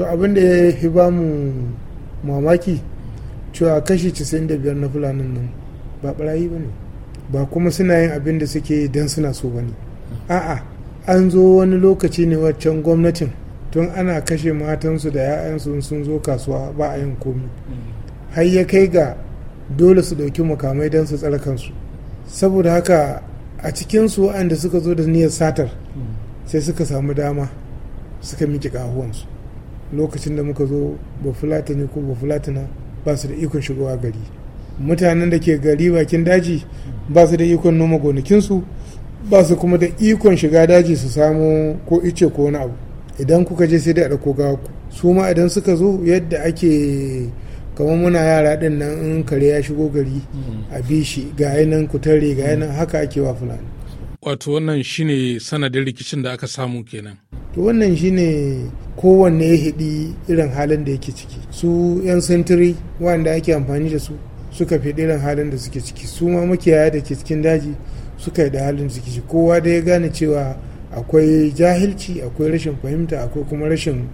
to abin da ya fi ba mu mamaki cewa kashi 95 na fulanin nan ba barayi ba ne ba kuma suna yin abin da suke don suna so ba ne a'a an zo wani lokaci ne waccan gwamnatin tun ana kashe matansu da 'ya'yansu sun zo kasuwa ba a yin komi har ya kai ga dole su ɗauki mukamai don su tsara kansu saboda haka a cikin su waɗanda suka zo da niyyar satar sai suka samu dama suka miƙe ƙahuwansu lokacin da muka zo ba ne ko ba na ba su da ikon shigowa gari mutanen da ke gari bakin daji ba su da ikon noma gonakinsu ba su kuma da ikon shiga daji su samu ko ice ko wani abu idan kuka je sai dai a ɗauko gawa su ma idan suka zo yadda ake kamar muna yara din nan in kare ya shigo gari a bi shi ga nan ku ga nan haka ake wa fulani wato wannan shine sanadin rikicin da aka samu kenan to wannan shine kowanne ya hidi irin halin da yake ciki su 'yan sintiri wanda ake amfani da su suka fi irin halin da suke ciki su ma makiyaya da ke cikin daji suka yi da halin da suke ciki kowa da ya gane cewa akwai jahilci akwai rashin fahimta akwai kuma rashin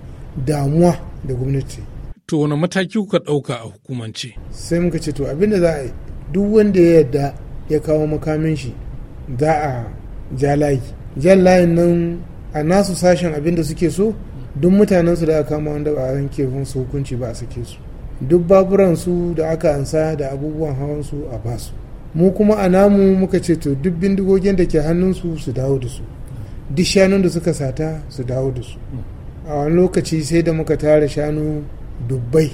damuwa da gwamnati to wani mataki kuka ɗauka a hukumance sai muka ce to abin da za a yi duk wanda ya yarda ya kawo makamin shi za a ja layi jan layin nan a nasu sashen abin da suke so duk mutanensu da aka kama wanda ba a yanke su hukunci ba a sake su duk baburansu da aka ansa da abubuwan hawansu a basu mu kuma a namu muka ce to duk bindigogin da ke hannunsu su dawo da su duk shanun da suka sata su dawo da su a wani lokaci sai da muka tara shanu dubbai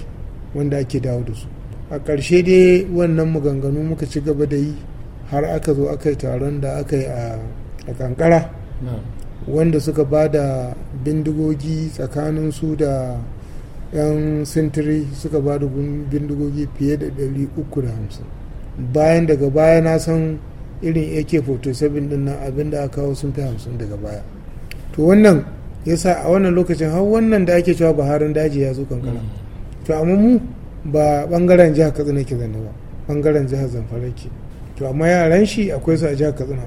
wanda ake dawo da su a ƙarshe dai wannan maganganu muka ci gaba da yi har aka zo aka yi taron da aka yi a ƙanƙara. wanda suka ba da bindigogi tsakanin su da 'yan sintiri suka ba da bindigogi fiye da 350 bayan daga baya na san irin ak-47 din nan abinda aka kawo sun fi 50 daga baya to wannan ya sa a wannan lokacin har wannan da ake cewa baharin daji ya zo kankana mm. to amma mu ba bangaren jihar katsina ke zanne ba bangaren jihar zamfara ke to amma yaran shi akwai su a jihar katsina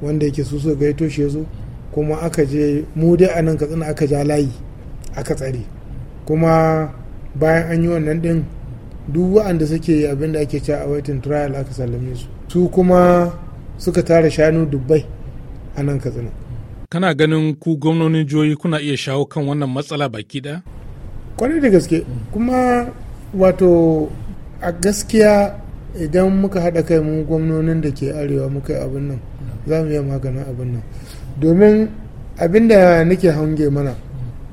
wanda yake su so gaito shi ya zo kuma aka je mu dai a nan katsina aka ja layi aka tsare kuma bayan an yi wannan din duk wa'anda suke yi abin ake cewa a waitin trial aka sallame su su kuma suka tara shanu dubbai a nan katsina kana ganin ku gwamnonin jihohi kuna iya shawo kan wannan matsala baki ɗaya? kwarai da gaske kuma wato a gaskiya idan muka haɗa kai mu gwamnonin da ke arewa muka yi abin nan za mu iya maganin abin nan domin abinda nake hange mana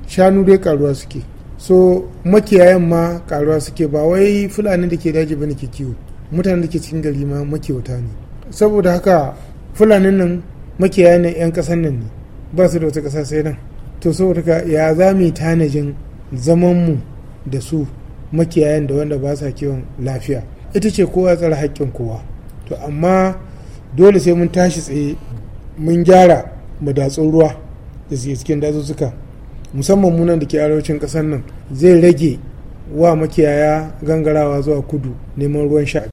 shanu dai karuwa suke so makiyayan ma karuwa suke ba wai fulani da ke daji bane ke kiwo mutanen da ke cikin gari ma makiyauta ne saboda haka fulanin nan makiyayan nan yan kasan nan ne ba su da wata kasa sai nan to saboda haka ya za mu tanajin zaman mu da su makiyayan da wanda ba sa kiwon lafiya ita ce kowa tsara haƙƙin kowa to amma dole sai mun tashi tsaye mun gyara madatsun ruwa da suke cikin dazuzzuka musamman munan da ke arewacin ƙasar nan zai rage wa makiyaya gangarawa zuwa kudu neman ruwan sha